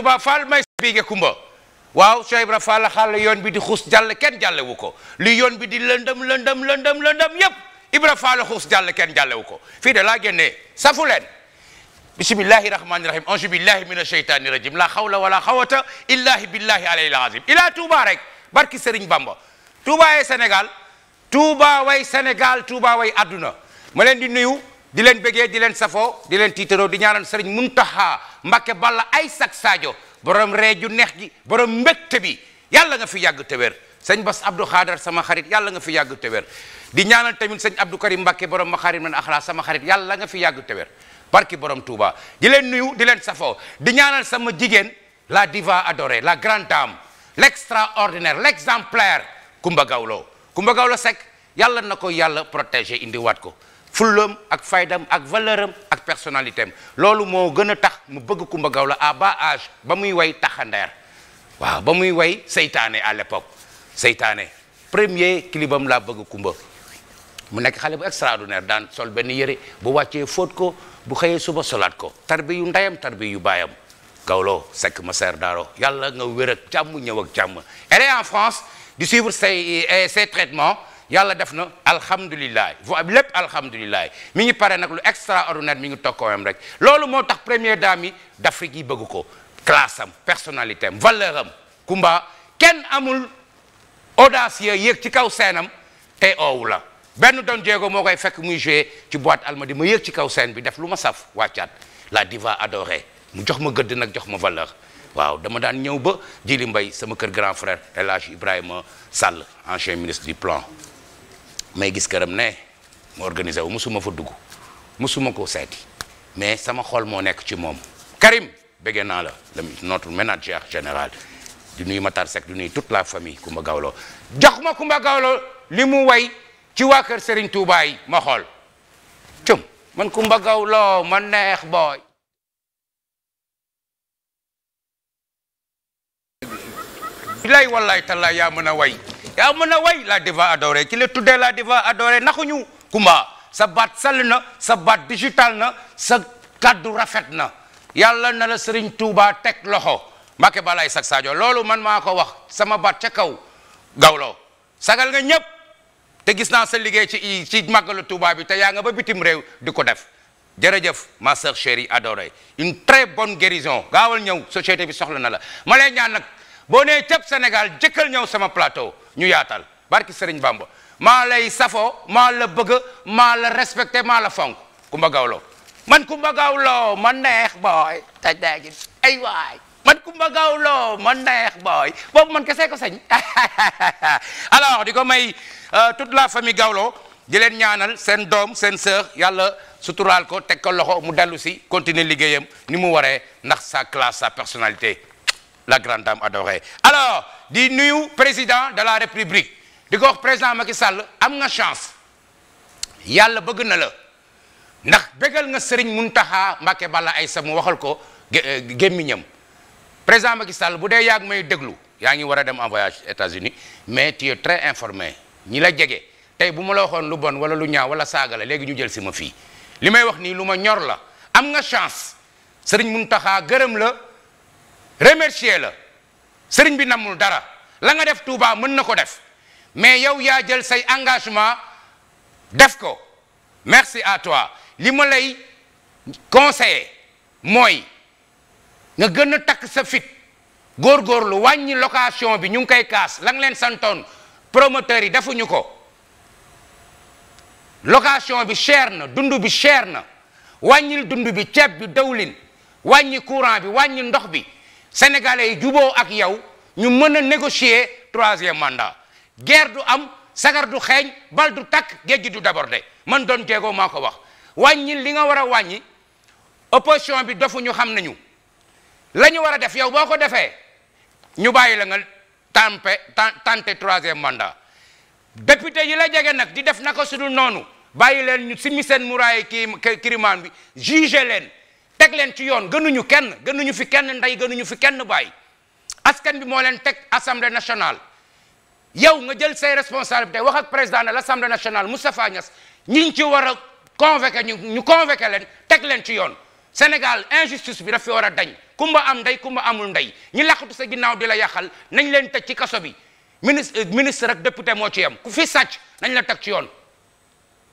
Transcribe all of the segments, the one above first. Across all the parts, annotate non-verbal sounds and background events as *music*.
Touba Fall may biige kumba waaw Cheikh Ibra Fall xaal yoon bi di xuus jàll kenn jàllewu ko li yoon bi di lëndëm lëndëm landam lëndëm yépp Ibra la xuus jàll kenn jàllewu ko fii de laa génnee safu leen bismillahi rahmani rahim ange billahi min asheytani rajim la hawla wala hawata illahi billahi alayhi alazim ilaa Touba rek barki Serigne Bamba Touba yee Sénégal Touba way Sénégal Touba di nuyu di leen bëggee di leen safoo di leen tiitaroo di ñaanal sëriñ Muntaxa Mbàkke Balla ay sak Sadio borom ree ju neex gi borom mbégte bi yàlla nga fi yàgg te wér sëñ Bas Abdou Khadar sama xarit yàlla nga fi yàgg te di ñaanal tamit sëñ Abdou Karim Mbàkke borom ma xarit man axlaa sama xarit yàlla nga fi yàgg te wér barki borom Touba di leen nuyu di leen safoo di ñaanal sama jigéen la diva adorée la grande dame l'extraordinaire l'exemplaire Kumba gawloo Kumba Gawlo Seck yàlla na ko yàlla protégé indiwaat ko fullam ak faydam ak valeuram ak personnalité loolu moo gën a tax mu bëgg Kumba Gawla à bas âge ba muy way taxandeer waaw ba muy way seytaane à l'époque seytaane premier clipam laa bëgg Kumba mu nekk xale bu extraordinaire daan sol benn yëre bu wàccee fóot ko bu xëyee suba solaat ko tarbi yu ndeyam tarbi yu baayam Gawlo Seck Masser Daaro yàlla nga wér ak jàmm ñëw ak jàmm elle en France di suivre ses euh, ses yàlla def na alhamdulilah voie bi lépp alhamdulilah mi ngi pare nag lu extraordinaire mi ngi tokkoowam rek loolu moo tax premier dame yi d'Afrique yi bëgg ko classe am am valeur am kumba kenn amul audacieux yéeg ci kaw seenam te oowu la benn Don Diego moo koy fekk muy joué ci boîte almadi ma yéeg ci kaw seen bi def lu ma saf wàccaat la diva adorée mu jox ma gëdd nag jox ma valeur waaw dama daan ñëw ba Djili mbay sama kër grand frère El Hadj Ibrahima Sall ancien ministre du may gis këram ne mu organisé wu musuma fa dugg musuma ko seeti mais sama xol moo nekk ci moom Karim bëggee naa la le notre manager général du nuyu Matar Seck du la famille Kumba Gawlo jox ma Kumba Gawlo li mu way ci waa kër Serigne Touba yi ma xool cëm man Kumba Gawlo man neex booy. lay wallaay talla yaa mën a way. yaa mën na way la diva adorée ki la tuddee la diva adorée naxuñu kumba sa baat sell na sa baat digital na sa kàddu rafet na yàlla na la Serigne Touba teg loxo make Balaye Sakk Sadio loolu man maa ko wax sama baat ca kaw gawlo sagal nga ñëpp te gis naa sa liggéey ci ci màggalu Touba bi te yaa nga ba bitim réew di ko def jërëjëf ma sœur chérie adorée une très bonne guérison gaawal ñëw société bi soxla na la ma lay ñaan nag boo nee cëpp Sénégal jëkkal ñëw sama plateau ñu yaatal barki Serigne Bamba maa lay safo maa la bëgg maa la respecté maa la fong Kumba Gawlo man Kumba Gawlo man neex booy man Kumba Gawlo man neex booy boobu man kese ko sañ *laughs* alors di ko may euh, toute la famille Gawlo di leen ñaanal seen doom seen sœur yàlla suturaal ko teg ko loxo mu dellu si continuer liggéeyam ni mu waree ndax sa classe sa personnalité la grande dame adorée alors di nuyu président de la république di ko wax président Macky Sall am nga chance yàlla bëgg na la ndax bégal nga Serigne Mountakha bala ay Aïssa mu waxal ko euh, gémmiñam président Macky Sall bu dee yàgg may déglu yaa ngi war a dem en voyage États-Unis mais tu très informé ñi la jege tey bu ma la waxoon lu bon wala lu ñaaw wala saaga la léegi ñu jël si ma fii li may wax nii lu ma ñor la am nga chance Serigne Mountakha gërëm la remercier la. sëriñ bi namul dara la nga def Touba mën na ko def mais yow yaa jël say engagement def ko merci à toi li ma lay conseiller mooy nga gën a takk sa fit góorgóorlu wàññi location bi ñu ngi koy kaas lang leen santoon promoteurs yi defuñu ko location bi cher na dund bi cher na wàññil dund bi ceeb bi dawlin wàññi courant bi wàññi ndox bi sénégalais yi juboo ak yow ñu mën a négocier troisième mandat guerre du am sagar du xeeñ bal du takk géej gi du débordé man doon jéego maa ko wax wàññi li nga war a wàññi opposition bi dofu ñu xam nañu lañu ñu war a def yow boo ko defee ñu bàyyi la nga tampe tenté troisième mandat député yi la jege nag di def naka sudul noonu bàyyi leen ñu simi seen muraay kii kirimaan bi jugé leen teg leen ci yoon gënuñu kenn gënuñu fi kenn ndey gënuñu fi kenn bàyyi askan bi moo leen teg assemblée national yow nga jël say responsabilité wax ak président de l' assemblée nationale Moustapha Niass ñi ci war a convoqué ñu ñu convoqué leen teg leen ci yoon Sénégal injustice bi daf fi war a dañ kumba am ndey kumba amul ndey ñi laqatu sa ginnaaw di la yàqal nañ leen teg ci kaso bi ministre euh, ministre ak député moo ci yem ku fi sàcc nañ la teg ci yoon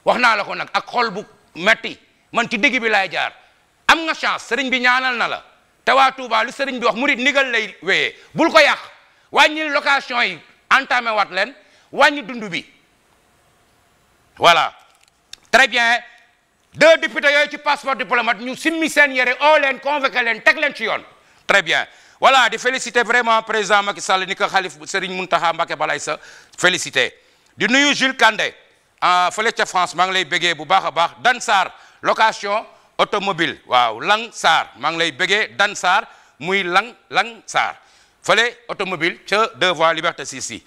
wax naa la ko nag ak xol bu metti man ci digg bi laay jaar am nga chance sëriñ bi ñaanal na la te waa Touba lu sëriñ bi wax murit ndigal lay wéyee bul ko yàq wàññi location yi entamé waat leen wàññi dund bi voilà très bien deux députés yooyu ci passeport diplomate ñu simmi seen yére oo leen convoqué leen teg leen ci yoon très bien voilà di féliciter vraiment président Macky Sall ni ko xalif Serigne Mountakha Mbacké balay sa féliciter di nuyu Jules Kandé ah, fële ca France maa ngi lay béggee bu baax a baax Dansar location automobile waaw Lang Sarr maa ngi lay bëggee Dan saar muy Lang Lang Sarr fële automobile ca deux voies liberté six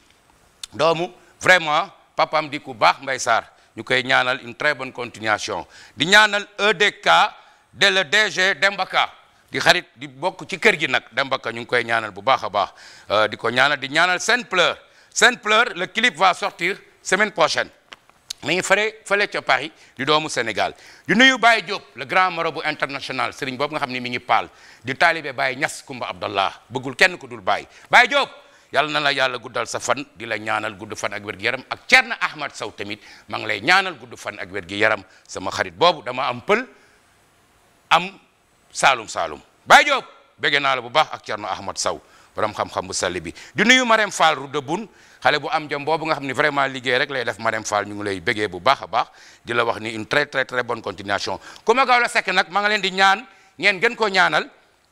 doomu vraiment papam di ku baax Mbaye Sarr ñu koy ñaanal une très bonne continuation di ñaanal EDK de le DG Dembaka di xarit di bokk ci kër gi nag Dembaka ñu ngi koy ñaanal bu baax a baax euh, di ko ñaanal di ñaanal Sainte Pleure Sainte Pleure le clip va sortir semaine prochaine mi ngi fare fale ca Paris di doomu Sénégal di nuyu baay Diop la grand bu international sëriñ boobu nga xam ne mi ngi paal di taalibe Baye Niass Kumba Abdallah bëggul kenn ku dul Baye Baye Diop yàlla na la yàlla guddal sa fan di la ñaanal gudd fan ak wér yaram ak Thierno Ahmad saw tamit maa ngi lay ñaanal gudd fan ak wér-gi-yaram sama xarit boobu dama am pël am salum saalum Baye Diop bëgg naa la bu baax ak Thierno Ahmad saw borom xam-xam bu sell bi di nuyu Marème Fall Roudeboune xale bu am jom boobu nga xam ni vraiment liggéey rek lay def Marème Fall ñu ngi lay bëggee bu baax a baax di la wax ni une très très très bonne continuation gaaw la sekk nag ma leen di ñaan ngeen gën ko ñaanal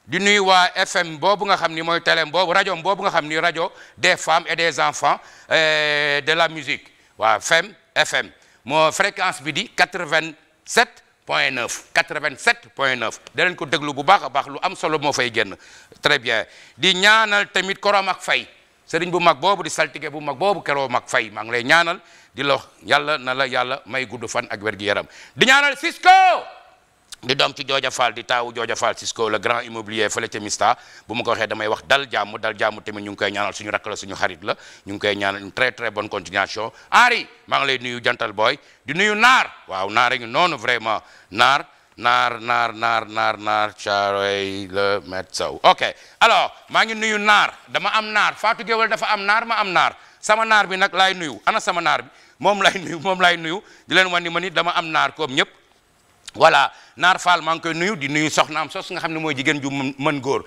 di nuyu waa FM boobu nga xam ni mooy télém boobu boobu nga xam ni rajo des femmes et des enfants euh, de la musique waa FM FM moo fréquence bi di 87 point 9 87 point 9 ko déglu bu baax a baax lu am solo moo fay génn très bien di ñaanal tamit korom ak fay sëriñ bu mag boobu di saltige bu mag boobu keroom ak fay maa ngi lay ñaanal di lox yàlla na la yàlla may gudd fan ak wér yaram di ñaanal Cisco. di doom ci jooja Fall di taawu jooja Fall Cisco grand immobilier fële ca Mista bu ma ko waxee damay wax dal jàmm dal jàmm tamit ñu ngi koy ñaanal suñu rakk la suñu xarit la ñu ngi koy ñaanal une très très bonne continuation Henri maa ngi lay nuyu jantal booy di nuyu naar waaw naara ñu noonu vraiment naar naar naar naar naar naar caaroy le maître Sow ok alors maa ngi nuyu naar dama am naar Fatou Guewel dafa am naar ma am naar sama naar bi nag laay nuyu ana sama naar bi moom lay moom lay nuyu di leen wan ni ma ni dama am naar comme ñëpp voilà naar faal maa ngi koy nuyu di nuyu soxnaam sos nga xam ne mooy jigéen ju man góor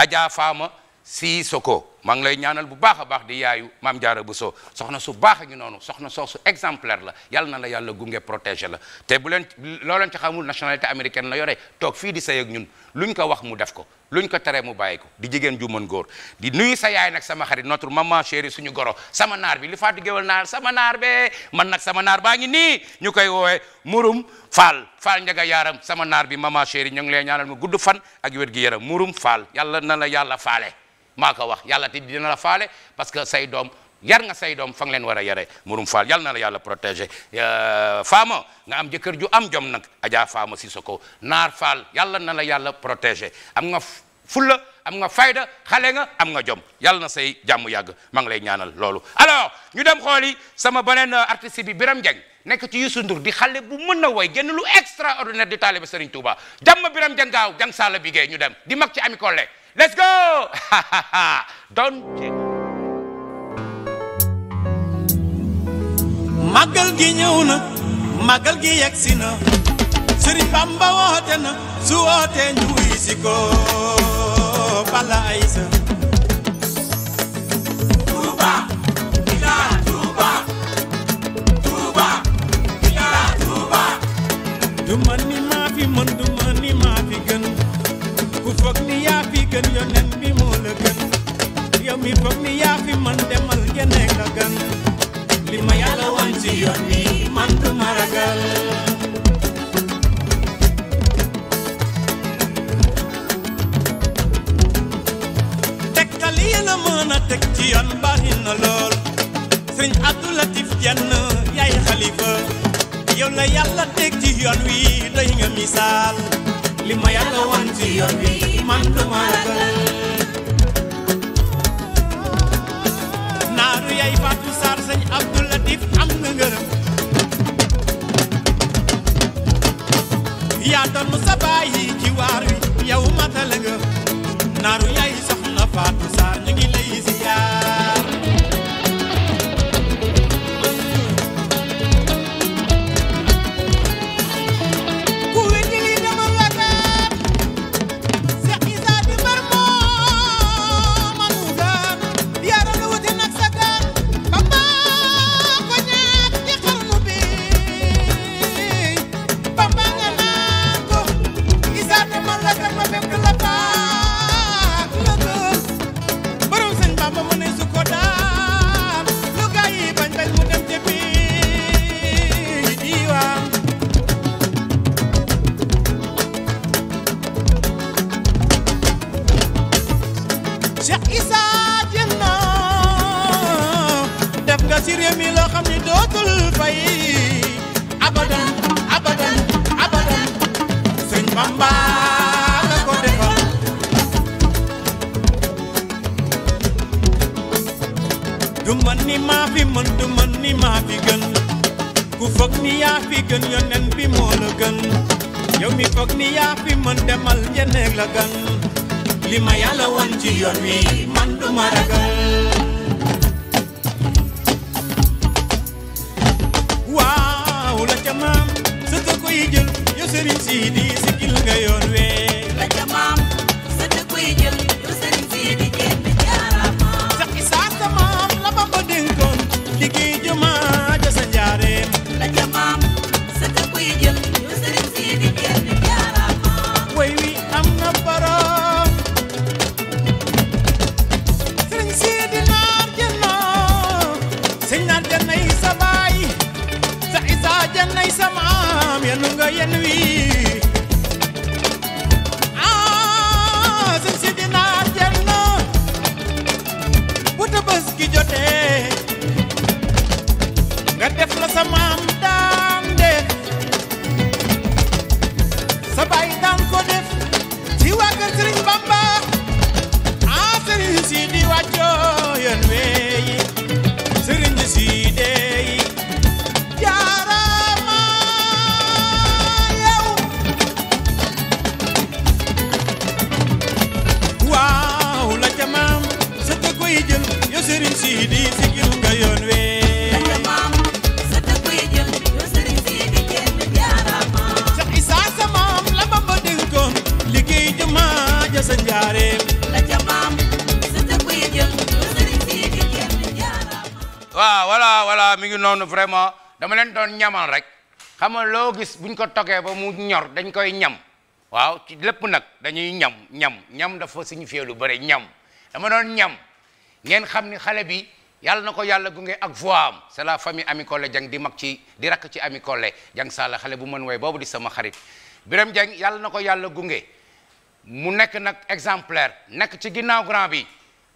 Adja Faama Sissoko maa ngi lay ñaanal bu baax a baax di yaayu maam jaara bu soo soxna su baax a ngi noonu soxna soosu exemplaire la yàlla na la yàlla gunge protégé la te bu leen loo leen ci xamul nationalité américaine la yore toog fii di say ak ñun luñ ko wax mu def ko luñ ko teree mu bàyyi ko di jigéen ju mën góor di nuyu sa yaay nag sama xarit notre maman chérie suñu goro sama naar bi li faatu géwal naar sama naar bee man nag sama naar baa ngi nii ñu koy woowee murum faal faal njaga yaaram sama naar bi maman chérie ñu ngi lay ñaanal mu gudd fan ak wér gi yaram murum faal yàlla na la yàlla faale maa ko wax yàlla te dina la faale parce que say doom yar nga say doom fa leen war a yaree murum faal yal na la yàlla protégé euh, faama nga am jëkkër ju am jom nag ajaa faama si ko naar faal yàlla na la yàlla protégé am nga fulla am nga fayda xale nga am nga jom yàlla na say jàmm yàgg maa ngi lay ñaanal loolu alo ñu dem xooli sama beneen euh, artiste bi Biram Dieng nekk ci Youssou Ndour di xale bu mën a woy génn lu extraordinaire di taalibe Serigne Touba jàmm Biram Dieng gaaw bi gee ñu dem di mag ci Ami Let's go! *laughs* Don't check. màggal gi ñëw na màggal gi yegg si na Sëriñ Bamba woote na su wootee ñu wuy si ko Balla Aïssa Touba ila Touba Touba ila Touba du ma ni maa fi mën du ma ni maa fi gën ku foog ni li bopp mi yaa fi man demal gene nga gan li ma yàlla wan ci yoon mi yi a teg na lool sëñ Abdou Latif Jenn yaay xalifa yow la yàlla teg ci yoon wi doy nga misaal li ma yàlla wan ci yoon wi man du ma ragal yaay Fatou Sarr sëñ Abdou Latif am nga ngërëm yaa doon sa baay yi ci waar wi yow naaru yaay soxna Fatou Sarr Sidi noonu vraiment dama leen doon ñamal rek xam nga loo gis buñ ko togee ba mu ñor dañ koy ñam waaw ci lépp nag dañuy ñam ñam ñam dafa signifié lu bëri ñam dama doon ñam ngeen xam ni xale bi yàlla na ko yàlla gunge ak voix am c'est la famille Ami Collé Dieng di mag ci di rakk ci Ami Collé jang Sall xale bu mën woy boobu di sama xarit Birame Dieng yàlla na ko yàlla gunge mu nekk nag exemplaire nekk ci ginnaaw grand bi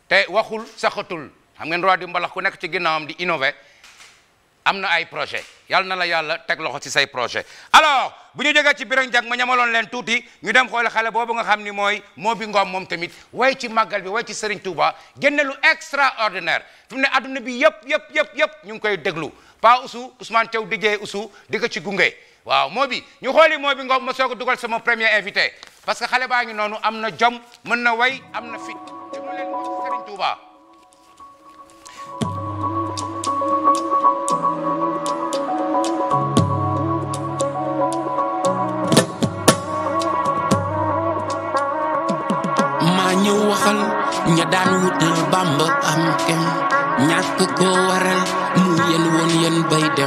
te waxul saxatul xam ngeen roi du ku nekk ci ginnaawam di innové am na ay projet yàlla na la yàlla teg loxo ci say projet alo bu ñu jógee ci Birame Diack ma ñamaloon leen tuuti ñu dem xool xale boobu nga xam ni mooy moo bi ngoom moom tamit way ci màggal bi way ci Serigne Touba génne lu extraordinaire fi mu ne adduna bi yëpp yëpp yëpp yëpp ñu ngi koy déglu pa usu Ousmane Thiaw dijee usu di ko ci gunge waaw moo bi ñu xooli moo bi ngoom ma soog a dugal sama premier invité parce que xale baa ngi noonu am na jom mën na way am na fit déglu njabootam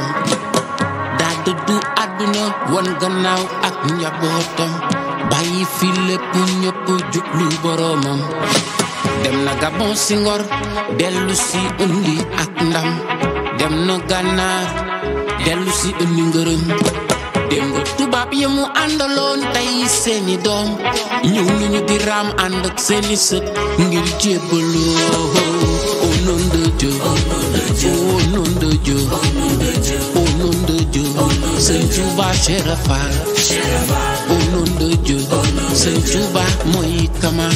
daal di du àdduna wan gannaaw ak njabootam bàyyi fi lépp ñëpp jublu boroomam dem na Gabon si ngor dellu si indi ak ndam dem na gànnaar dellu si indi ngërëm démb tubaab yi mu àndaloon tey seeni doom ñëw nañu di raam ànd ak seeni sët ngir jébbaloo Oh, nom de Dieu au oh, nom oh, mooy kama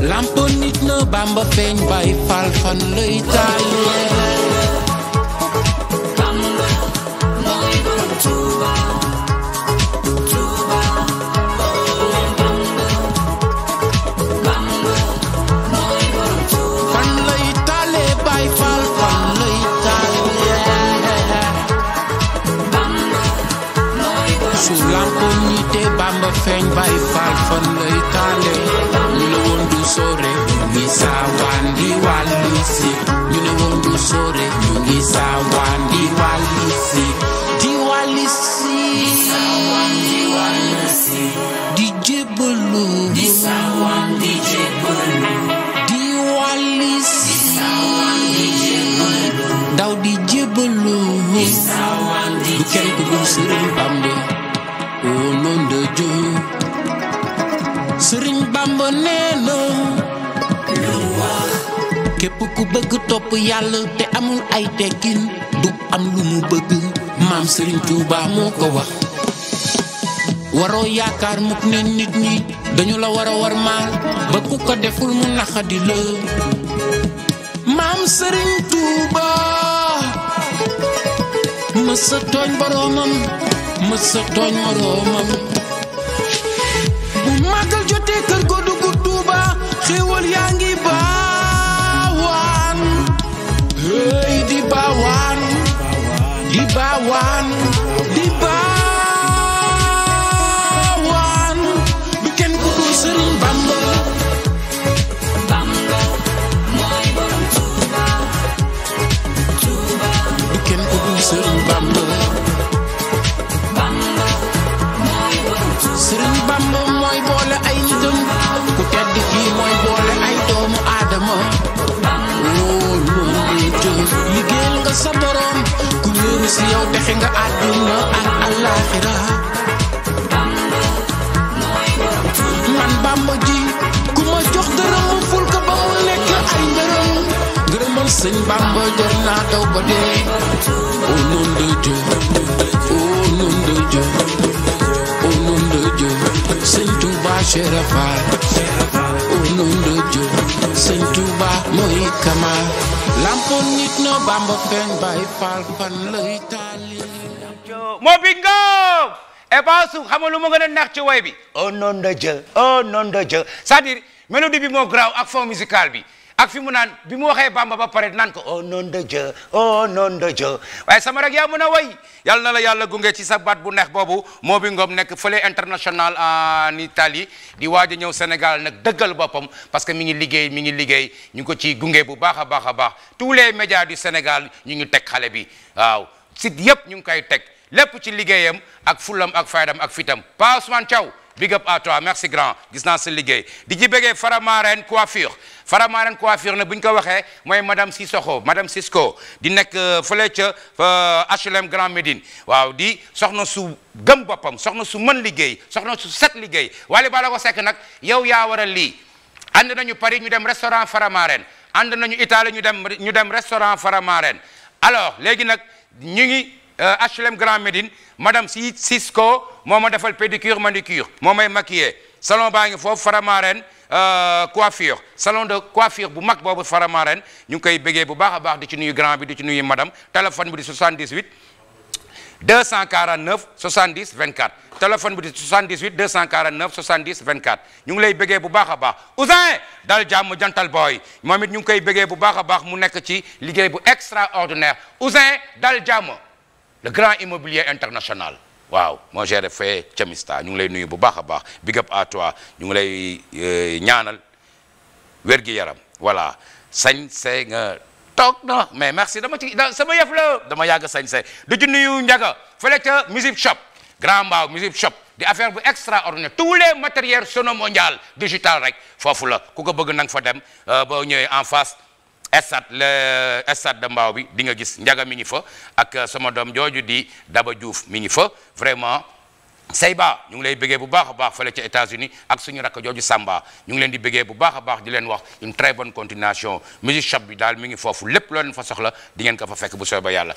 lampo nit na Bamba feeñ Baay Faal fan lay taayee ba feeñ bay faal fan lay taale ñu ne woon du sore ñu ngi di wàlli si ñu ne woon du di wàlli di wàlli di jébbalu di saawaan di jébbalu di wàlli si daw di jébbalu du kenn ku dul sëriñ ba ba nee na képp ku bëgg topp yàlla te amul ay tekkin du am lu mu bëgg maam Serigne Touba moo ko wax waroo yaakaar mukk ne nit ñi dañu la war a war maal ba ku ko deful mu naxadi la maam Serigne Touba mësa tooñ boroomam mësa tooñ moroomam bu màggal jotee kër xéwal yaa ngi baawaan hey di baawaan di baawaan sa borom ku wéeru si yow defe nga àdduna ak àllaaxira man bàmba ji ku ma jox dërëm mu ba mu nekk ay ngërëm ngërëmal sëñ bàmba jar naa daw ba dee au nom de Dieu au nom de Dieu ndojo sëñ lampoon nit ñoo Bamba feeñ Baay Faal fan lay moo bingoo e eh, baasu xam nga lu ma gën ci way bi oh non oh, ndojo bi moo graw ak fond musical bi ak fi mu naan bi mu waxee Bamba ba pare naan ko au oh, nom de Dieu au oh, waaye sama rek yaa mën a way yàlla na la yàlla gunge ci sa baat bu neex boobu moo bi ngoom nekk fële international en Italie di waaj a ñëw Sénégal nag dëggal boppam parce que mi ngi liggéey mi ngi liggéey ñu ngi ko ci gunge bu baax a baax a baax tous lee médias du Sénégal ñu ngi teg xale bi waaw site yëpp ñu ngi koy teg lépp ci liggéeyam ak fulam ak faydam ak fitam Pa Ousmane big up à toi merci grand gis naa sa liggéey di ci bëggee Faramaren coiffure Faramaren coiffure ne bu ñu ko waxee mooy madame Sissoko madame Sisco di nekk euh, fële ca HLM euh, Grand Médine waaw di soxna su gëm boppam soxna su man liggéey soxna su set liggéey wala bala ko sekk nag yow yaa war a lii ànd nañu Paris ñu dem restaurant Faramaren ànd nañu Italie ñu dem ñu dem restaurant Faramaren alors HLM euh, Grand Médine madame si Cisco moo ma defal pédicure manucure moo may maquiller salon baa ngi foofu Faramaren euh, coiffure salon de coiffure bu mag boobu Faramaren ñu ngi koy bëggee bu baax a baax di ci nuyu grand bi di ci nuyu madame téléphone bi di 78 249 70 24 téléphone bi di 78 249 70 24 ñu ngi lay bëggee bu baax a baax Ousin dal jàmm jantal booy moom it ñu ngi koy bëggee bu baax a baax mu nekk ci liggéey bu extraordinaire Ousin dal jàmm le grand immobilier international waaw moo géré fee Chamista ñu ngi lay nuyu bu baax a baax big up à toi ñu ngi lay euh, ñaanal wér yaram voilà sañ nga toog na mais merci dama ci sama yëf la dama yàgg sañ see du ci nuyu njaga fële ca music shop grand mbaaw music shop di affaire bu extraordinaire tous les matériels sono mondial digital rek foofu la ku ko bëgg na nga fa dem euh, boo ñëwee en face stade le stade de Mbao bi di nga gis njaga mi ngi fa ak euh, sama doom jooju di Daba Diouf mi ngi fa vraiment Seyba ñu ngi lay bëggee bu baax a baax fële ca États-Unis ak suñu rakk jooju Samba ñu ngi leen di bëggee bu baax a baax di leen wax une très bon continuation musique shop bi daal mi ngi foofu lépp loo fa soxla di ngeen ko fa fekk bu soobee yàlla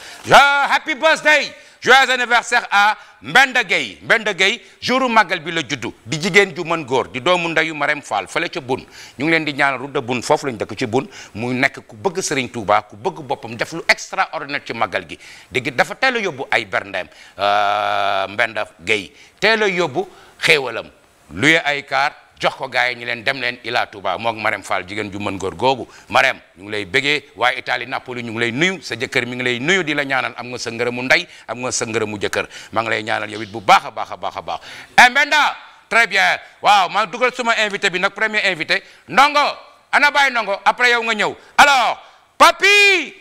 happy birthday joyeux anniversaire à Mbenda Gueye Mbenda Gueye jouru màggal bi la juddu di jigéen ju man góor di doomu ndeyu Marème Fall fële ca bun ñu ngi leen di ñaanal rudda bun foofu lañ dëkk ci bun mu nekk ku bëgg Serigne Touba ku bëgg boppam def lu extraordinaire ci màggal gi dégg dafa teel a yóbbu ay berndeem euh, Mbenda Gueye teel a yóbbu xéewalam luye ay kaar jox ko gars yi ñu leen dem leen Ila Touba moog Marème Fall jigéen ju mën góor googu Marème ñu ngi lay bëggee waaye Italie Napoli ñu lay nuyu sa jëkkër mi ngi lay nuyu di la ñaanal am nga sa ngërëmu ndey am nga sa ngërëmu jëkkër maa ngi lay ñaanal yow it bu baax a baax a baax a baax eh, Mbenda très bien waaw ma dugal suma invité bi nag premier invité ndongo ana bàyyi ndongo après yow nga ñëw alors papi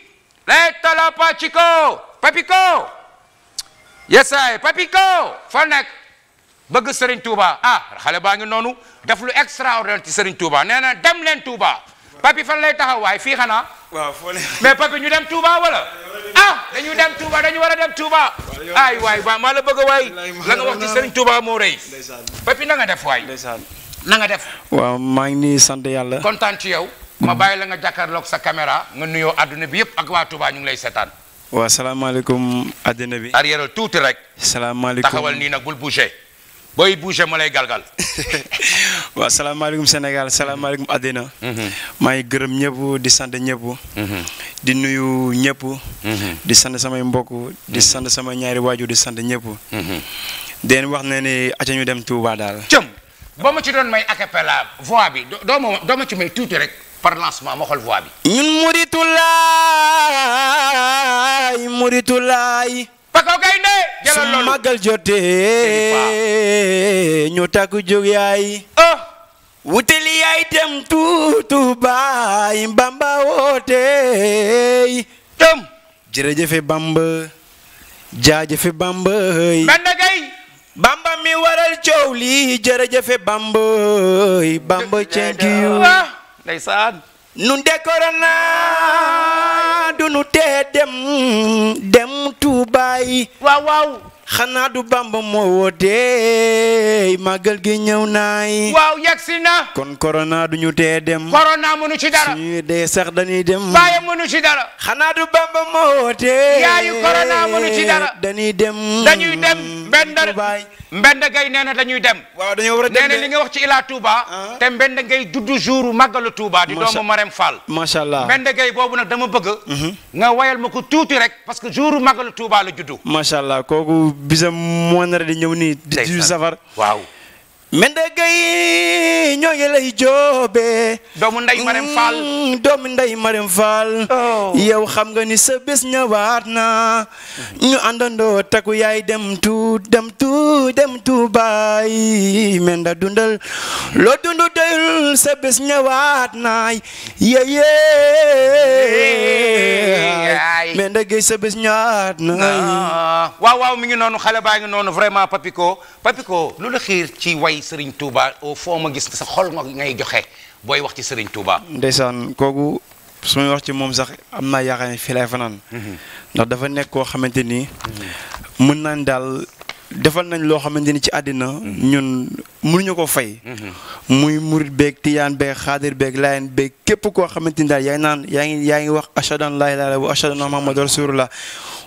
lay talapaciko papiko yesaay papiko fa nekk bëgg Serigne Touba ah xale baa ngi noonu def lu extraordinaire ci Serigne Touba nee na dem leen Touba papi fan lay taxaw waaye fii xanaa. waaw mais papi ñu dem Touba wala. ah dañu dem Touba dañu war a dem Touba. ay waay waay maa la bëgg waay. la nga wax ci Serigne Touba moo rëy. papi na nga def waay. na nga def. waaw maa ngi nii sant yàlla. kontaan ci yow. ma mm. bàyyi la nga jàkkaarloog sa caméra nga nuyoo adduna bi yëpp ak waa Touba ñu ngi lay seetaan. waaw salaamaaleykum adduna bi. arrière tuuti rek. salaamaaleykum taxawal nii nag bul booy bouger ma lay galgal. *laughs* waaw salaamaaleykum Sénégal salaamaaleykum àddina. Mhm. maa ngi gërëm ñëpp di sant ñëpp. Mhm. di nuyu ñëpp. Mhm. di sant samay mbokk di sant samay ñaari waajur di sant ñëpp. den wax na ne aca ñu dem Touba daal. cëm boo ma ci doon may acapella voix bi doo ma ci may tuuti rek par lancement ma xool voix bi. ñun muritu laay muritu laay. su magal jotee. te ñu takku jóg yaay oh wuteli yaay baay Bamba wooteey tëm jërëjëfe Bamba jaajëfe Bamba hëy gay Bamba mi waral coow li jërëjëfe Bamba hëy Bamba thank you ah! ndeysaan du nu tee dem dem tuubaay waaw xanaa du bamba moo wootee màggal gi ñëw naay. waaw yegsi na. kon corona du ñu tee dem. corona mënu ci dara. dañuy dem. bàyyi ci dara. xanaa du bamba moo wootee. yaayu corona mënu ci dara. dañuy dem. dañuy dem benn Mbend Gueye nee na dañuy dem. waaw dañoo war a dem li nga wax ci Ila Touba. Ah. te Mbend Gueye juddu jour màggalu Touba. di doomu Marème Fall. macha allah Mbend Gueye boobu nag dama bëgg. Mhm. nga wayal ma ko tuuti rek parce que jour màggalu Touba la juddu. macha allah kooku bisam moo nar di ñëw nii. di safar waaw. mende gay ñoo ngi joobe doomu nday Marème mm, Fall doomu oh. yow xam nga ni sa bés ñëwaat na ñu àndandoo takku yaay dem tu dem tu dem tu baay menda dundal loo dundu doyul sa bés ñëwaat na yeye mende gay sa bés ñëwaat na ah. waaw waaw mi ngi noonu xale baa ngi noonu vraiment papiko lu la xiir ci way roy Serigne Touba au fond sa xol nga ngay joxe booy wax ci Serigne Touba. ndeysaan kooku su may wax ci moom sax am naa yaakaar ne fii laay fanaan. Mhm. ndax dafa nekk koo xamante ni. Mhm. mën naan daal defal nañ loo xamante ni ci àddina mhm. ñun mënuñu ko fay mhm. muy murit beeg tiyaan beeg xaadir beeg layen beeg képp koo xamante ni daal yaa ngi naan yaa ngi yaa ngi wax ashhadu an laa ilaaha illallaah ma ashhadu anna muhammadan rasulullah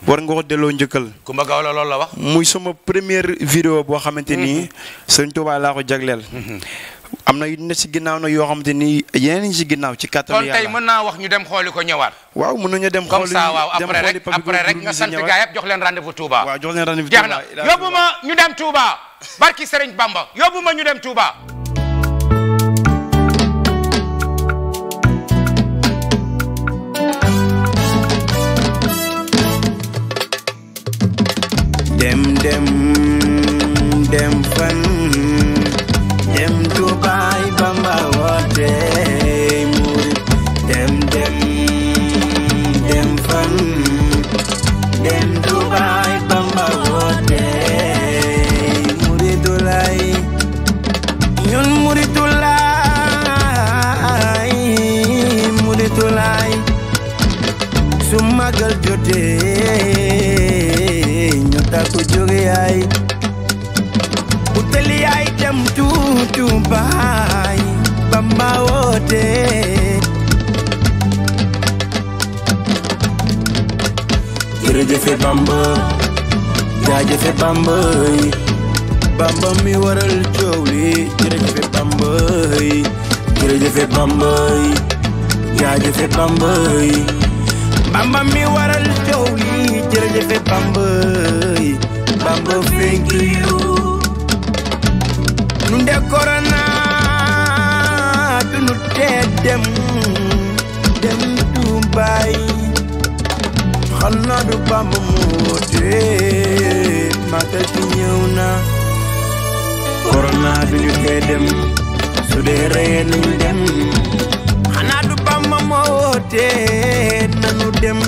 war nga ko delloo njëkkal Coumba loolu la wax muy sama première vidéo boo xamante nii mhm. sëñ Tuubaa laa ko jagleel am na yu ne si ginnaaw nag yoo xamante ni yeneen si ginnaaw ci kàttanu yàlla kon tey mën naa wax ñu dem xooli ko ñëwaat waaw mën nañu dem xooli comme ça waaw après rek après rek nga sant gaa yëpp jox leen rendez-vous Touba waaw jox leen rendez-vous Touba jeex na yóbbu ma ma ñu dem Touba dem dem dem yaay utali yaay dem tuutu baay Bamba woote jërëjëfe Bamba jaajëfe Bamba Bamba mi waral coow li jërëjëfe Bamba jërëjëfe Bamba jaajëfe Bamba Bamba mi waral coow li jërëjëfe Bamba Bambo thank nun de corona dunu tee dem dem Dubaay xanaa du Bamba moo tee magal bi ñëw na corona duñu tee dem su dee reye nañu dem du Bamba moo tee nanu dem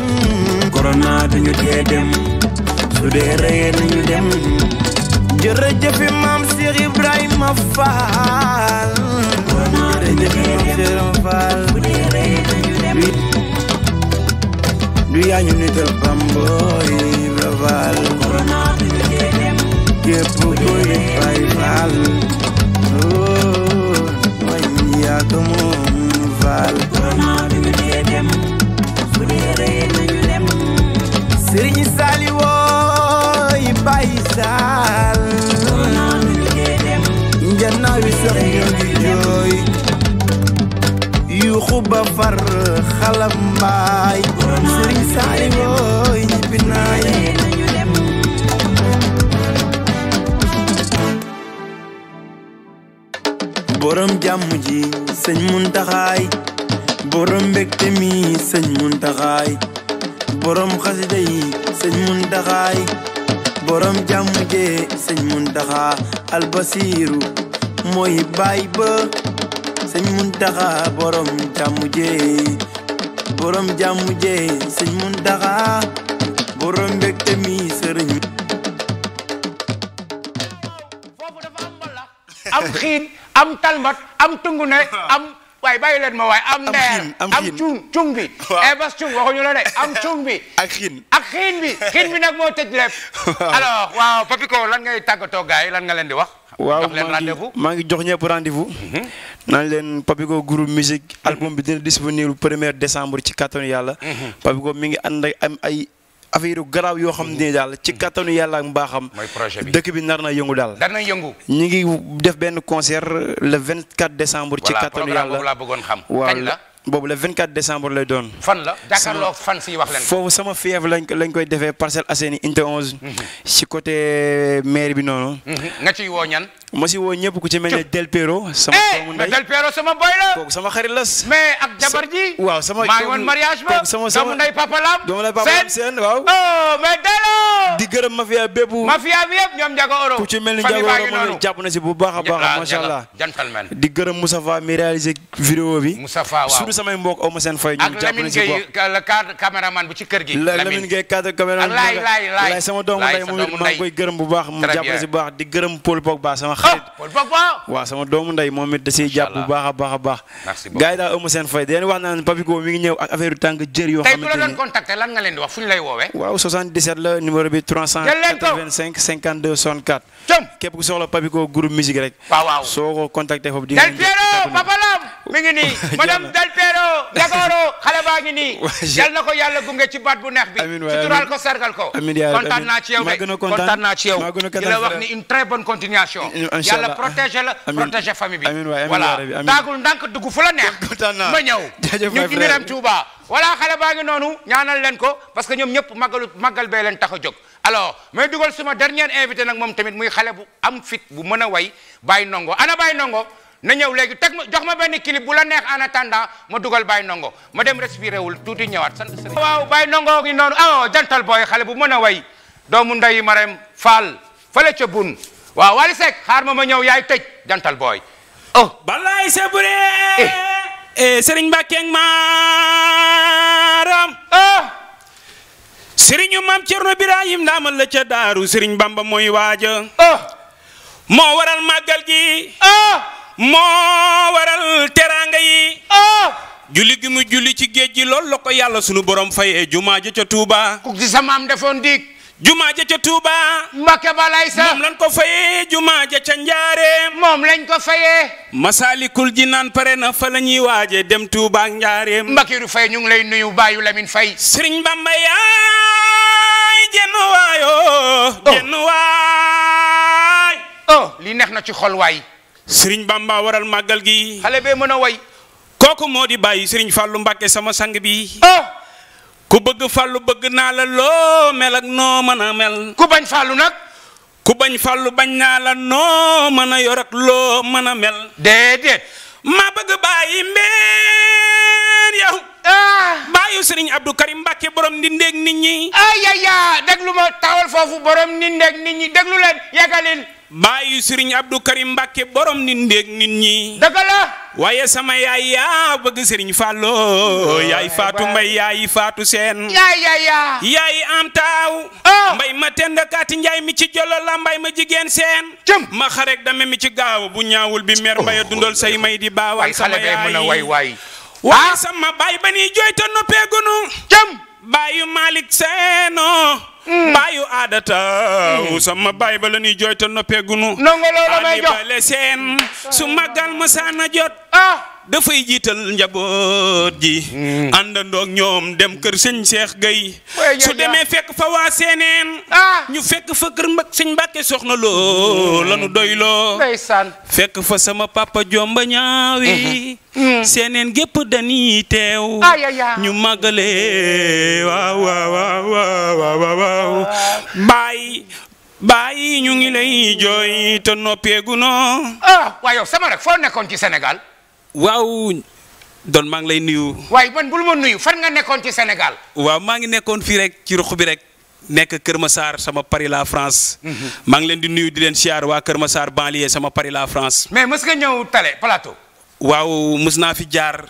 corona duñu tee dem su dee rëyee nañu dem jërëjëfi maam Cheikh Ibrahima Fall jërëjëfi maam Cheikh Fall du yaa ñu nital Bamboy Ibra Fall képp kuy fay Fall wañ yaa ko moom Fall Sëriñ Saliou daal njanaaw yi sax ñu jooy yu xuba far xalam mbaay sëriñ saali wooy ñibbi naay borom jàmm ji sëñ muntaxaay borom mbégte mi sëñ muntaxaay borom xasida yi sëñ muntaxaay borom jàmm jee sëñ Muntaxa albasiiru mooy baay ba sëñ Muntaxa borom jàmm jee borom jàmm jee sëñ borom mbégte mi am xiin am talmat am tungune am waaye bàyyi leen ma waaye am ndeer am cung cung bi Airbus *laughs* cung waxuñu la de am *laughs* cung bi ak xiin ak xiin bi xiin bi nag moo tëj lépp *laughs* alors waaw Papiko lan ngay tàggatoo gars yi lan nga leen di wax waaw maa ngi jox ñëpp rendez-vous mhm. naan leen Papiko groupe musique mhm. album bi dina disponible premier décembre ci kattanu yàlla mhm. Papiko mi ngi ay affaire garaaw yoo xam ne daal ci kattanu yàlla ak mbaaxam. mooy projet bi dëkk bi nar na yëngu daal. nar na yëngu. ñu ngi def benn concert le 24 décembre. ci kattanu yàlla voilà programme laa bëggoon xam. kañ la boobu le 24 décembre lay doon. fan la jàkkaarloo fan si wax leen foofu sama fief lañ lañ koy defee Parcelles Assainies unité 11. Mhm. si côté maire bi noonu. Mhm. nga ciy woo ñan. ma si woo ñëpp ku ci mel ne Del Pero. sama eh, doomu ndey Del sama boy la. sama xarit la. mais ak jabar ji. waaw sama maa mariage ba. sama sama doomu ndey Papa Lam. doomu ndey Papa Lam seen waaw. Oh, mais delloo. di gërëm mafia bépp. mafia bi yëpp ñoom Ndiago Oro. ku ci mel ni Ndiago Oro moom jàpp na si bu baax a baax. Ah, macha allah di gërëm Moustapha mi réalisé vidéo bi. Moustapha waaw samay mbokk aw ma seen fay. ñun jàpp nañu si bopp gërëm bu baax mu jàppale di gërëm Paul Pogba sama ah, xarit. Paul Pogba waaw moom it baax a baax a baax. merci beaucoup gars yi daal aw ma seen fay di leen wax la doon contacter lan nga leen di wax fu ñu lay woowee. waaw 77 la numéro bi 385 52 64. képp ku soxla Papico groupe musique rek. soo ko contacter foofu di nga mi ngi ni *laughs* madame Dalpero Jagoro xale baa ngi ni *laughs* yal na ko yàlla gunge ci baat bu neex bi. amiin waay ko sargal ko. amiin naa ci yow de kontaan naa ci yow. di la wax ni une très bonne continuation. yàlla protéger la protéger famille bi. amiin waay voilà daagul ndànk dugg fu la neex. *laughs* ma ñëw. jërëjëf ñu ngi dem Touba. xale baa ngi noonu ñaanal leen ko parce que ñoom ñëpp màggalu màggal bee leen tax a jóg. alors may dugal suma dernière invité nag moom tamit muy xale bu am fit bu mën a way Baye Ndongo ana Baye Ndongo na ñëw léegi teg ma jox ma benn clip bu la neex en attendant ma dugal Baye Ndongo ma dem respiré wul tuuti ñëwaat sant sëriñ waaw Baye Ndongo gi noonu ah jantal booy xale bu mën a way doomu nday Marème Fall fële ca bun waaw Wally Seck xaar ma ma ñëw yaay tëj jantal booy oh balaay sa buree eh. eh, sëriñ Mbàkke ak maaram oh. sëriñu maam Cerno Birahim ndaamal la ca daaru sëriñ Bamba mooy waaja oh. moo waral màggal gi moo waral teraanga yi ah! julli gi mu julli ci géej gi loolu la ko yàlla sunu borom fayee jumaa ja ca Touba. ku ci sa maam defoon dig. jumaa ja ca Touba. Mbacke balay sa moom lañ ko fayee jumaa ja ca Njaareem. moom lañ ko fayee. ji naan pare na fa la ñuy waaje dem Touba ak Njaareem. Mbakiru Faye ñu ngi lay nuyu Bayu Lamine Faye. Serigne Bamba yaay jenn waayoo. Oh. jenn waay. oh neex na ci xol waay. sëriñ Bamba waral màggal gi. xale bee mën a way. kooku moo di bàyyi sëriñ Fallou Mbacke sama sang bi. Ah! ku bëgg Fallou bëgg naa la loo mel ak noo mën a mel. ku bañ Fallou nag. ku bañ fallu bañ naa la noo mën a yor loo mën a mel. déedéet. ma bëgg bàyyi mbeen yow. ah. bàyyi sëriñ Abdou Karim Mbacke borom ndindeeg nit ñi. ay ya ma tawal foofu borom ndindeeg nit ñi déglu leen yeggalil. baayu sëriñ Abdou Karim Mbacke borom nit ndéeg nit ñi. dëgg waaye sama yaay yaa bëgg sëriñ Falloo. yaay faatu Mbay yaay Fatou Seen. yaay yaay yaa. am taaw. Ah. mbay ma tend kaati njaay mi ci jolo la mbay ma jigeen seen. jëm ma xarek dame mi ci gaaw bu ñaawul bi mer oh. mbaya dundal say may di baawal. sama yaay waay a ah. sama baay ba nii jooy te noppeegunu. jëm baayu Malick Seeno. Mm. baayu aadata mm. sama baay ba la ñuy jooy te noppeegunu nongo loolu may jox ani bale su magal ma saana jot ah. dafay jiital njaboot ji. Hmm. àndandoo ak ñoom dem kër sëñ Cheikh Gueye. su demee fekk fa waa seeneen. Ah! ñu fekk fa kër mbak Mbàkke soxna loo hmm. lanu doyloo. fekk fa sama papa Jomba ñaawi. Hmm. seeneen gépp dañuy teew. ñu màggale waaw waaw waaw baay baay ñu ngi lay jooy te noppeegu noo. ah waaw yow sama rek foo nekkoon ci senegal waaw Don maa ngi lay nuyu. waaye man bul ma nuyu fan nga nekkoon ci Sénégal. waaw maa ngi nekkoon fii rek ci ruq bi rek. nekk Kër ma saar sama pari la France. Mhm. maa ngi leen di nuyu di leen siyaar waa Kër ma Massar banlieue sama pari la France. mais mës nga ñëw Tale Plateau. waaw mës naa fi jaar.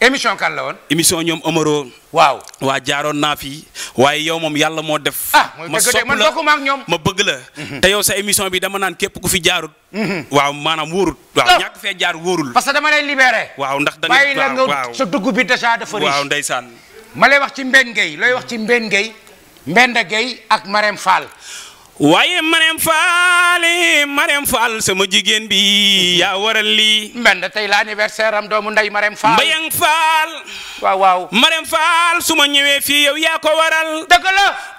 émission kan la woon. émission ñoom Omaro. waaw waa jaaroon naa fi waaye yow moom yàlla moo def. ah ma sopp la ma bëgg la. Mhm. te yow sa émission bi dama naan képp ku fi jaarut. Mhm. waaw maanaam wóorut. waaw oh. ñàkk fee jaar wóorul. parce que dama lay libéré. waaw ndax da bàyyi la sa dugg bi déjà dafa riche. waaw ndeysaan. ma lay wax ci Mbène Gueye looy wax ci Mbène Gueye Mbenda Gueye ak Marème Fall. waaye Marème Fall Marème Fall sama jigéen bi yaa waral lii. mbënd tey la anniversaire am doomu nday marem Fall. Mbayang Fall. waaw waaw. su ma ñëwee fii yow yaa ko waral. dëgg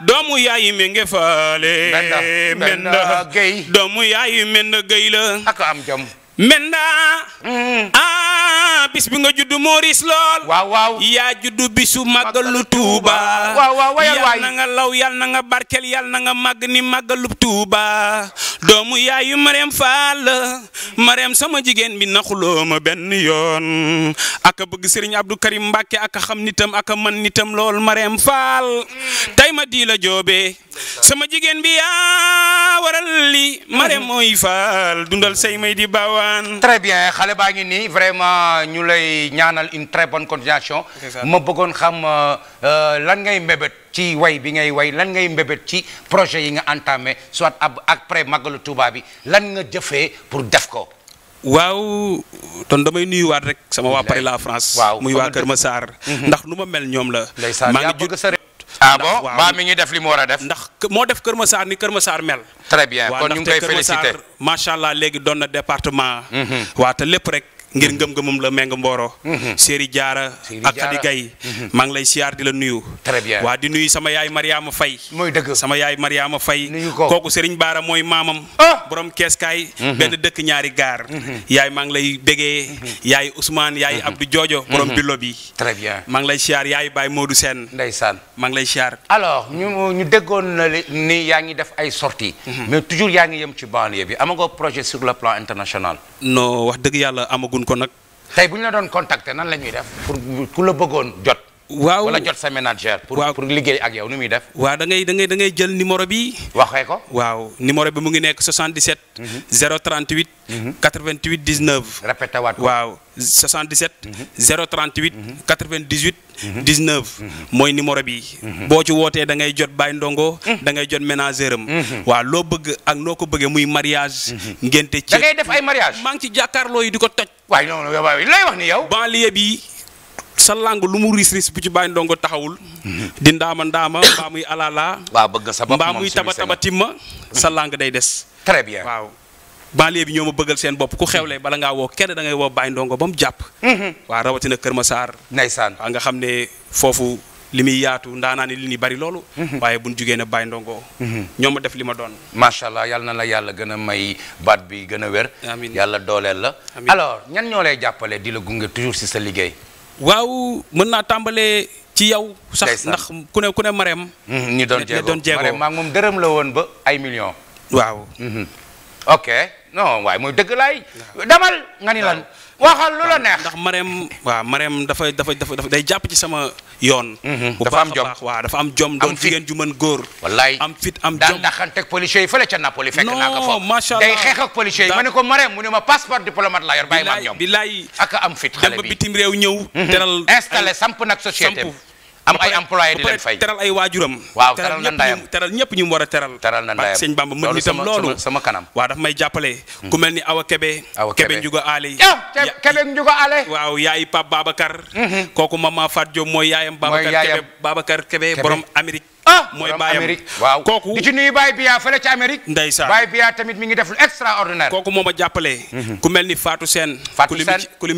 doomu yaayu Mbengue Fall. mbënd mbënd Guèye. doomu yaayu Mbënd Guèye la. ak am jom. menda mm. ah bis bi nga judd Maurice lool. waaw waaw yaa judd bisu màggalu Touba. waaw waaw yal na nga law yal na nga barkel yal na nga màgg ni màggalu Touba. doomu yaayu Marème Fall Marème sama jigéen bi naxuloo ma benn yoon ak bëgg Serigne Abdou Karim Mbacke ak xam nitam ak man nitam lool Marème Fall mm. tey ma di la joobe sama jigéen bi yaa waral li mare mhm. mooy faal dundal say may di baawaan. très bien xale baa ngi nii vraiment ñu lay ñaanal une très bonne continuation. ma bëggoon xam euh, euh, lan ngay mbébét ci way bi ngay way lan ngay mbébét ci projet yi nga entamé soit ab après Magalu Touba bi lan nga jëfee pour def ko. waaw ton damay nuyuwaat rek sama waa Paris la France. muy waa Kër Massar. Mhm. ndax nu ma mel ñoom la. maa ngi ah bon mbaa mi ngi def li mu war a def. ndax moo def Kër ma Massar ni Kër Massar mel. très bien kon ñu ngi koy félicité waaw macha allah léegi doon na département. Mhm. waaw lépp rek. ngir ngëm-ngëmam la meng mbooro Seri mhm. Diarra ak Khady Gaye mhm. lay siyaar di la nuyu très bien waa di nuyu sama yaay Mariama Faye mooy dëgg sama yaay Mariama Faye kooku Serigne Baara mooy maamam ah! borom keeskaay mhm. benn dëkk ñaari gaar yaay maa ngi lay bégee yaay Ousmane yaay Abdou Diodio borom billo bi très bien maa ngi lay siyaar yaay Baye Modou Sène ndeysaan lay siyaar alors ñu ñu déggoon na ni yaa ngi def ay sorties mais toujours yaa ngi yem ci banlieue bi amagoo projet sur le plan international non wax dëgg yàlla amagul amagun ko nag. tey bu ñu la doon contacter nan la ñuy def pour ku la bëggoon jot. waaw wala jot sa manager. pour pour liggéey ak yow nu muy def. waaw da ngay da ngay da ngay jël numéro bi. waxee ko waaw numéro bi mu ngi nekk 77. 038. 88 19. répété waat ko waaw 77. 038. 98. 19. mooy numéro bi. Mhm. boo ci wootee da ngay jot Baye Ndongo. Mhm. da ngay jot ménager am. Mhm. waaw loo bëgg ak noo ko bëggee muy mariage. ngénte ci da ngay def ay mariage maa ngi ci jàkkaarloo yi di ko toj. waay non non lay wax ni yow. banlieue bi. sa làng lu mu ris ris bu ci bàyyi ndongo taxawul. di ndaama ndaama mbaa muy alaala. waaw bëgg sa bopp mbaa muy taba taba timma sa làng day des. très bien waaw. banlieue bi ñoo ma bëggal seen bopp ku xewlee bala ngaa woo kenn da ngay woo bàyyi ndongo ba mu jàpp. Mhm. waa rawatina Kër ma saar ndeysaan waaw nga xam ne foofu li muy yaatu ndaanaa ne li ni bari loolu. Mhm. waaye bu ñu jugee ne bàyyi ndongo. Mhm. ñoo ma def li ma doon. macha allah yal na la yàlla gën a may baat bi gën a wér. amiin yàlla dooleel la. alors ñan ñoo lay jàppale di la gunge toujours si sa liggéey. waaw mën naa tàmbalee ci yow. sax ndax ku ne ku ne Marème. Mhm, ñu doon jéego Marème maa dërëm la woon ba ay million waaw. Mhm. ok non waaye mooy dëgg laay. damal nga lan. waxal lu la neex ndax Marème waaw Marème dafa dafa dafa day jàpp ci sama yoon. Mhm. dafa am jom bu dafa am jom. doon jigéen ju mën góor. wallaay am fit am jom daan daxanteeg policiers yi fële ca Napoli fekk naa ko foofu. non macha allah day xeex yi ma ne ko Marème mu ne ma passeport diplomate laa yor bàyyi ma ak ñoom. bilaay ak am fit xale bi dem ba bitim réew ñëw. Mhm. teral installé samp nag société am ay employé fay teral ay waajuram waaw teral na ndayam teral ñëpp ñu mu war a teral teral na ndayam sëñ Bamba mën nitam loolu sama kanam waaw daf may jàppale hmm. ku mel ni Awa Kebe Kebe Njugo Ale Kebe Njugo Ale waaw yaay Pape Babacar hmm, hmm. kooku Mama Fat Diop mooy yaayam Babacar Kebe Babacar Kebe borom ah mooy baayam Amérique waaw kooku di ci nuyu Baye Biya fële ci Amérique ndeysaan Baye Biya tamit mi ngi def lu extraordinaire kooku moo ma jàppale mhm. ku mel ni Fatou Sène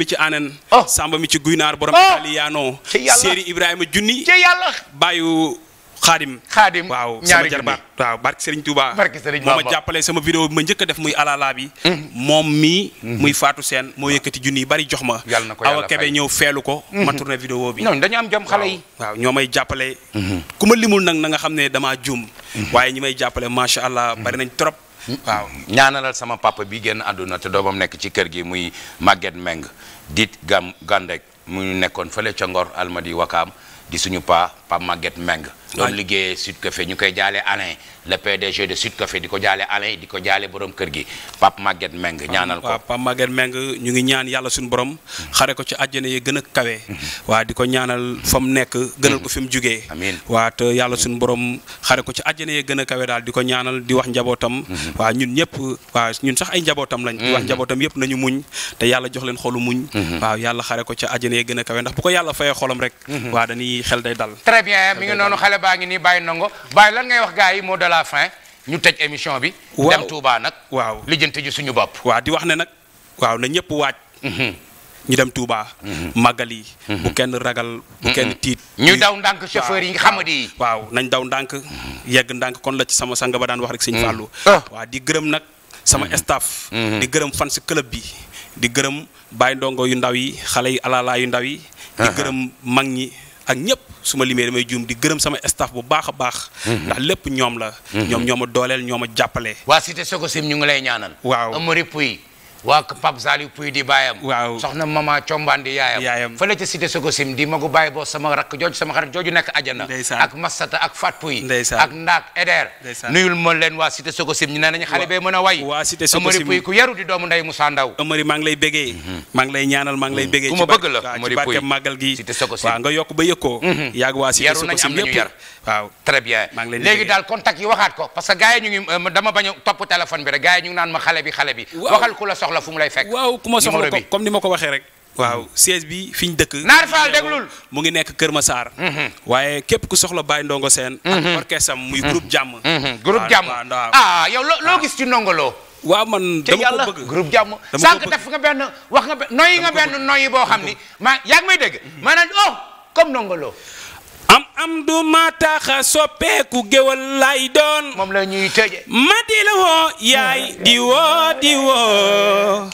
ci anen oh. samba mi ci Guynaar borom oh. Italiano Séeri Ibrahima Junni ci yàlla bàyyu xaadim xaadim waaw sama jarbaat waaw barke Serigne Touba barke Serigne Touba ma jàppale sama vidéo bi ma njëkk a def muy alalaa bi mm. moom mii mm-hmm. muy faatu Seen moo yëkkati junni yi bari jox ma awa kebe ñëw feelu ko mm-hmm. ma tourné vidéo bi non dañu am jom xale yi waaw ñoo may jàppale mm-hmm. ku ma limul nag na nga xam ne damaa juum waaye ñu may jàppale macha allah bari nañ trop waaw ñaanalal sama papa bi génn àdduna te doomam nekk ci kër gi muy Maguette Meng dit gam gandek mu nekkoon fële ca Ngor Almadi Wakaam di suñu pa pa Maguette Meng doon liggéey Sud Café ñu koy jaale Alain le PDG de Sud Café di ko jaale Alain di ko jaale borom kër gi Pape Maguette Meng ñaanal ko waaw Pape Meng ñu ngi ñaan yàlla suñu borom xare ko ci àjjana yi gën a kawe mhm. fa mu nekk gënal ko mhm. fi mu jugee amiin waa te yàlla suñu borom xare ko ci àjjana yi gën a kawe daal di ko ñaanal di wax njabootam mhm. waa ñun ñëpp waa ñun sax ay njabootam lañ di wax njabootam yëpp nañu muñ te yàlla jox leen xolu muñ waaw yàlla xare ko ci àjjana ya gën a kawe ndax bu ko yàlla fayee xolam rek waa dañuy xel day dal très bien mi ngi noonu xale baa ngi nii bàyyi nongo bàyyi lan ngay wax gaa la fin ñu tëj émission bi. waaw dem Touba nag. waaw lijjanti ji suñu bopp. waaw di wax ne nag waaw na ñëpp waaj. Mhm. ñu dem Touba. Mhm. màggal yi. Mhm. bu kenn ragal. bu kenn tiit. ñu daw ndànk chauffeur yi nga xamadi yi. waaw nañ daw ndànk yegg ndànk kon la ci sama sang ba daan wax rek sëñ Fallou. Ah. waaw di gërëm nag sama staff. di gërëm fan si bi. di gërëm bàyyi ndongo yu ndaw yi xale yi alalaa ndaw yi. di gërëm mag ñi. ak ñëpp su ma limee damay juum di gërëm sama staff bu baax a baax. Mhm. ndax lépp ñoom la. Mhm. ñoom ñoo ma dooleel ñoo ma jàppale. waa si Cité Sococim ñu ngi lay ñaanal. waaw Amary Pouy waa Pape Saliou Pouy di baayam soxna mama Combaan di yaayam yaayam fële ca cité Sococim di magu bàyyi boo sama rakk jooju sama xarit jooju nekk ajana ak Massata ak Fat Pouy ak Ndaak Eder nuyul ma leen waa cité Sococim ñu ne nañu xale bee mën a way waa cité Sococim Amari Amari maa ngi lay bégee mhm. maa ñaanal maa ngi lay mhm. bégee ma bëgg la Amari Pouy ci barke màggal gi cité nga yokk ba yëkkoo mhm. yaag waa cité Sococim yëpp yar waaw très bien léegi daal contact yi euh, a soxla fu mu lay fekk. waaw ku ma soxla ko comme ni ma ko waxee rek. waaw siège bi fi ñu dëkk. Naar déglul mu ngi nekk Kër Massar. Mhm. waaye képp ku soxla Baye Ndongo Sène. ak mhm. orchestre am muy mhm. groupe jàmm. groupe jàmm ah yow loo gis ci ndongolo. waaw man dama ko bëgg groupe jàmm sànq def nga benn wax nga benn noyyi nga benn noyyi boo xam ni ma yaa ngi may dégg. maanaam oh comme ndongolo. am am du ma taxa soppeeku géwal lay doon moom la ñuy tëje ma di la woo yaay di woo di woo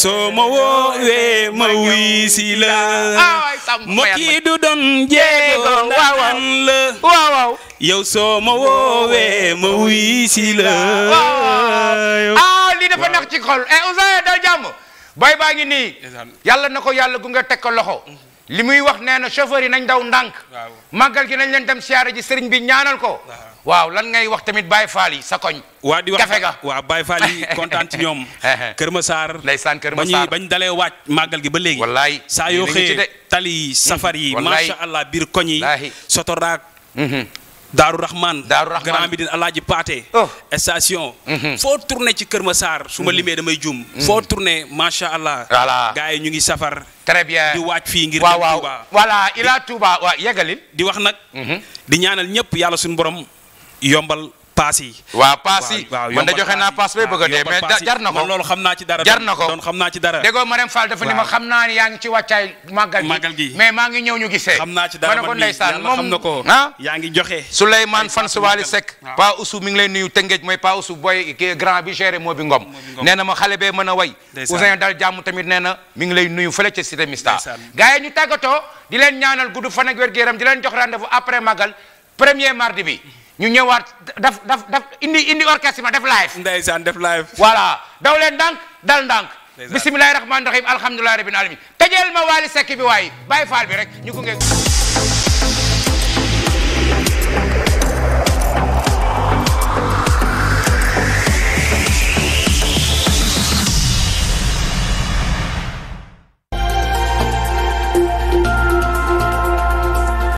soo ma woowee ma wuy si la ah, mokki du doon jéego ndawan la waaw soo ma woowee ma wuy la ah li dafa nax ci xol e Ousseyn dal jàmm bay baa ngi nii yàlla na ko yàlla gu nga teg ko loxo li muy wax nee na chauffeur yi nañ daw ndànk màggal gi nañ leen dem siyaare ji sëriñ bi ñaanal ko waaw lan ngay wax tamit Baye Fall yi sa koñ waa di wax kafe ga waaw Baye Fall yi kontaan ci ñoom *laughs* Kër Massar ndeysaan Kër Massar bañ dalee waaj màggal gi ba léegi wallaay saa yoo tali yi safar yi hmm, macha allah biir koñ yi sotoraak hmm, hmm. Daaru Rahman Daaru Rahman Grand Médine Alaaji Paate oh. station mhm. foo tourné ci Kër Massar su suma mhm. limee damay juum mhm. foo tourné macha allah voilà gars ñu ngi safar très bien di waaj fii ngir waaw waaw ilaa Touba waa yegalil di wax nag di ñaanal ñëpp yàlla suñu borom yombal paas yi waaw paas yi man da joxe naa paas bay bëgg a ah, dee mais jar na ko loolu xam naa ci dara jar na ko doon xam naa ci dafa ni ma xam naa ni yaa ngi ci wàccaay màggal gi mais maa ngi ñëw ñu gisee xam naa ci dara moom xam na ah? Fan Suwaali Seck Pa Oussou mi ngi lay nuyu tëngeej mooy Pa Oussou boy grand bi géré moo bi ngom nee ma xale bee mën a way Ousin dal jàmm tamit nee na mi ngi lay nuyu fële ca cité mista gars ñu tàggatoo di leen ñaanal gudd fan ak di leen jox rendez-vous ñu ñëwaat daf daf daf indi indi orchestre ma def live. ndeysaan def live. voilà daw leen ndànk dal ndànk. ndeysaan bisimilahi rahmaani rahim alhamdulilahi rabbil alamin tëjeel ma Waly Seck bi waaye bàyyi faal bi rek ñu gunge.